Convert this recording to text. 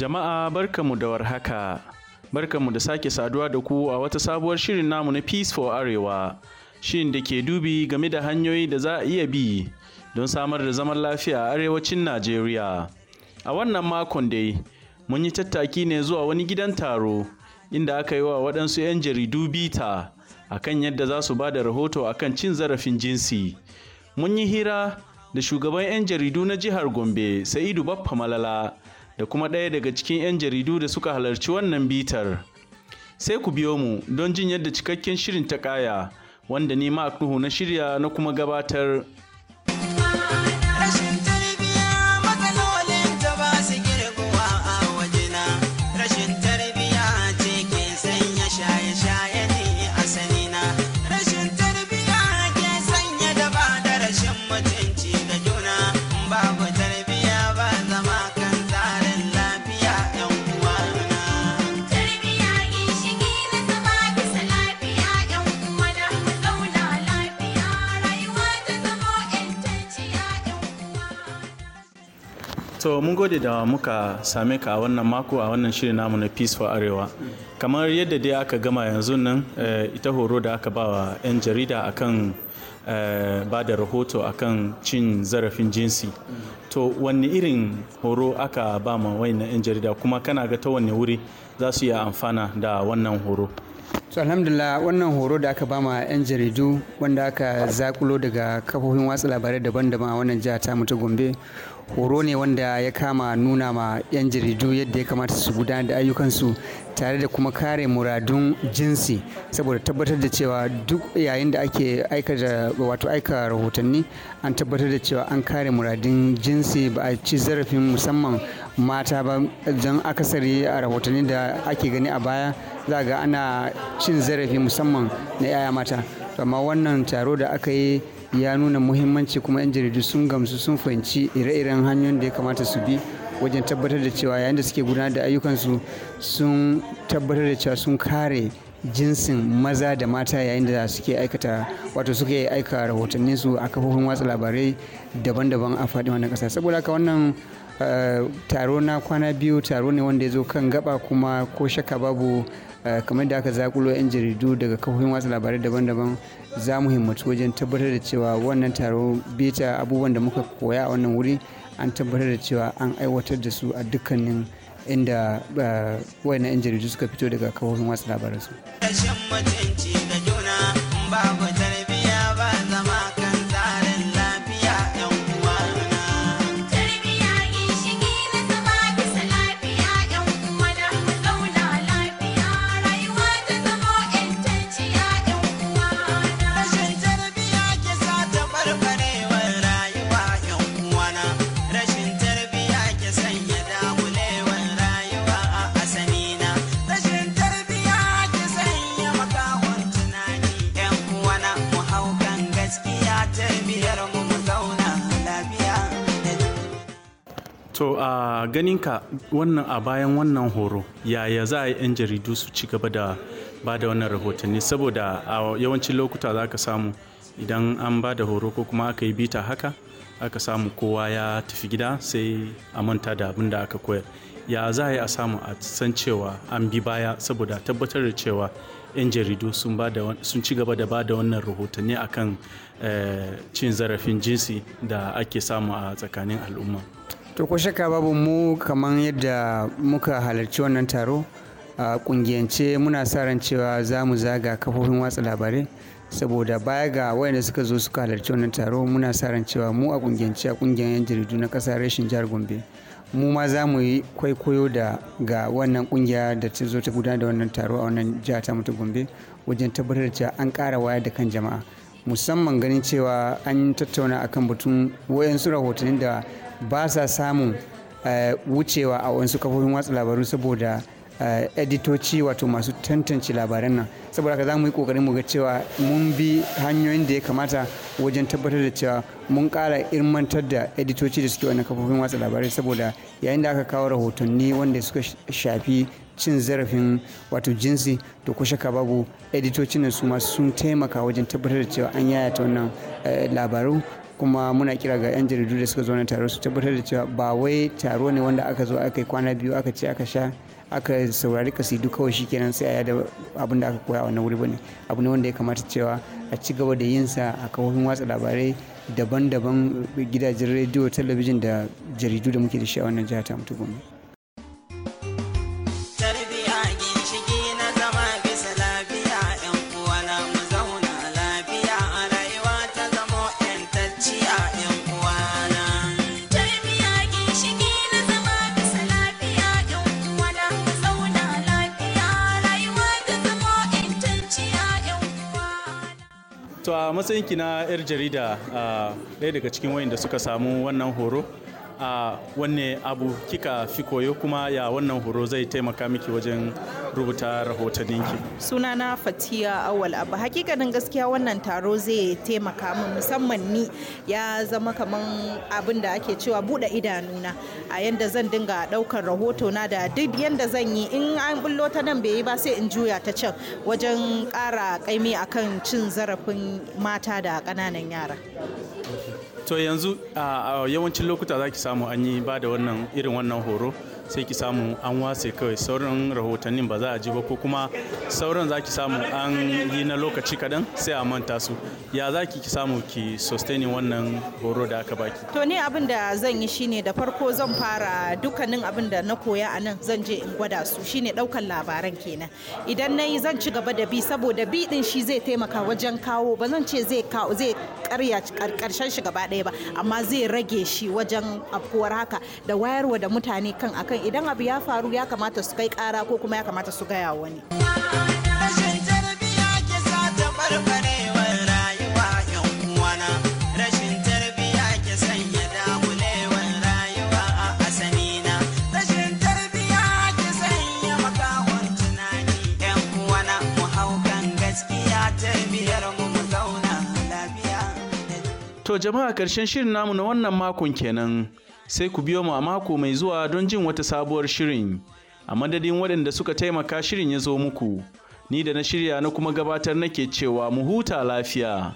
Jama'a barkamu da warhaka, barka mu da sake saduwa da ku a wata sabuwar shirin namu na Peace for Arewa, shirin da ke dubi game da hanyoyi da za a iya bi don samar da zaman lafiya a arewacin Najeriya. A wannan makon dai, mun yi tattaki ne zuwa wani gidan taro inda aka yi wa waɗansu 'yan jaridu bita a kan yadda za su ba da rahoto a kan cin zarafin jinsi. Mun yi hira da shugaban 'yan jaridu na jihar Gombe, Sa'idu Baffa Malala, da kuma ɗaya daga cikin 'yan jaridu da suka halarci wannan bitar. Sai ku biyo mu don jin yadda cikakken shirin ta ƙaya, wanda ni ma na shirya na kuma gabatar. to mun gode da muka same ka a wannan mako a wannan shirin namu na peace for arewa kamar yadda dai aka gama yanzu nan eh, ita horo da aka ba wa 'yan jarida akan eh, ba da rahoto akan cin zarafin jinsi to wanne irin horo aka ba ma na 'yan jarida kuma kana ga ta wanne wuri za su iya amfana da wannan horo to alhamdulillah wannan horo da aka bama 'yan jaridu wanda aka zakulo daga kafofin watsa labarai daban-daban a wannan jiha ta mutu gombe horo ne wanda ya kama nuna ma 'yan jaridu yadda ya kamata su gudanar da ayyukansu tare da kuma kare muradun jinsi saboda tabbatar da cewa duk yayin da ake aika rahotanni an tabbatar da cewa an kare muradun jinsi ba a ci zarafin musamman mata ba don akasari a rahotanni da ake gani a baya za ga ana cin zarafi musamman na 'ya'ya mata amma wannan taro da aka yi ya nuna muhimmanci kuma 'yan jaridu sun gamsu sun fahimci ire-iren hanyoyin da ya kamata su bi wajen tabbatar da cewa yayin da suke gudanar da ayyukansu sun tabbatar da cewa sun kare jinsin maza da mata yayin da suke aikata wato suke aika rahotannin su a kafofin watsa labarai daban-daban a faɗin wannan ƙasa saboda haka wannan eh, taro na kwana biyu taro ne wanda ya zo kan gaba kuma ko shaka babu eh, kamar da aka zakulo 'yan jaridu daga kafofin watsa labarai daban-daban za mu himmatu wajen tabbatar da cewa wannan taro bita abubuwan da muka koya a wannan wuri an tabbatar da cewa an aiwatar da su a dukkanin inda eh, wayannan 'yan jaridu suka fito daga kawo watsa labaransu. To a ganin ka wannan a bayan wannan horo yaya za a yi 'yan jaridu su ci gaba da ba da wannan rahotanni saboda a yawancin lokuta za ka samu idan an ba da horo ko kuma aka yi bita haka aka samu kowa ya tafi gida sai a manta da abin da aka koyar ya za a yi a samu a san cewa an bi baya saboda tabbatar da cewa 'yan jaridu sun ci gaba da ba da wannan rahotanni akan eh, cin zarafin jinsi da ake samu a tsakanin al'umma. to ko shakka babu mu kamar yadda muka halarci wannan taro a kungiyance muna sa ran cewa za mu zaga kafofin watsa labarai saboda baya ga wayanda suka zo suka halarci wannan taro muna sa ran cewa mu a kungiyance a kungiyar yan jaridu na kasa rashin jihar gombe mu ma za mu yi kwaikwayo da ga wannan kungiya da ta zo ta gudanar da wannan taro a wannan jiha ta mutu gombe wajen tabbatar da an kara wayar da kan jama'a musamman ganin cewa an tattauna akan batun wayansu rahotannin da ba sa samun eh, wucewa a wasu kafofin watsa labaru saboda eh, editoci wato masu tantance labaran nan saboda ka za mu yi kokarin mu ga cewa mun bi hanyoyin da ya kamata wajen tabbatar da cewa mun kara ilmantar da editoci da suke wannan kafofin watsa labarai saboda yayin da aka kawo rahotanni wanda suka shafi cin zarafin wato jinsi to kusa ka babu editocin su ma sun taimaka wajen tabbatar da cewa an yayata wannan eh, labaru kuma muna kira ga 'yan jaridu da suka zo na taro su tabbatar da cewa ba wai taro ne wanda aka zo aka yi kwana biyu aka ce aka sha aka saurari kasidu kawai shi kenan sai a yada abin da aka koya a wannan wuri bane abu ne wanda ya kamata cewa a ci gaba da yin sa a kafofin watsa labarai daban-daban gidajen rediyo talabijin da jaridu da muke da shi a wannan jihar ta mutu to a matsayinki na 'yar jarida ɗaya daga cikin wayanda suka samu wannan horo a wanne abu kika fi koyo kuma ya wannan horo zai taimaka miki wajen rubuta rahotanninki sunana fatiya awal abu hakikanin gaskiya wannan taro zai taimaka min musamman ni ya zama kaman abin da ake cewa bude idanuna a yadda zan dinga daukar rahoto na da duk yanda zan yi in an bullo ta nan bai yi ba sai in juya ta can wajen kara kaimi akan cin zarafin mata da ƙananan yara to yanzu a yawancin lokuta za ki samu an yi ba da irin wannan horo sai ki samu an wase kawai sauran rahotannin ba za a ji ba ko kuma sauran za ki samu an yi na lokaci kaɗan sai a manta su ya za ki samu ki sustain wannan horo da aka baki to ni abin da zan yi shine da farko zan fara dukkanin abin da na koya a nan zan je in gwada su shine ɗaukan labaran kenan idan na yi zan ci gaba da bi saboda bi din shi zai taimaka wajen kawo ba zan ce zai kawo zai karya karshen shi gaba ɗaya ba amma zai rage shi wajen afkuwar haka da wayarwa da mutane kan akan idan abu ya faru ya kamata su kai ƙara ko kuma ya kamata su gaya wani. Rashin tarbiyya ke sa ta rayuwa 'yan uwana. Rashin tarbiyya ke sanya dakulewar rayuwa a asanina. Rashin tarbiyya ke sanya makawar tunani 'yan uwana. Mu hau gaskiya tarbiyyar mu mu zauna lafiya. To jama'a a ƙarshen shirin namu na wannan makon kenan. sai ku biyo mu a mako mai zuwa don jin wata sabuwar shirin. A madadin waɗanda suka taimaka shirin ya zo muku, ni da na shirya na kuma gabatar nake cewa mu huta lafiya.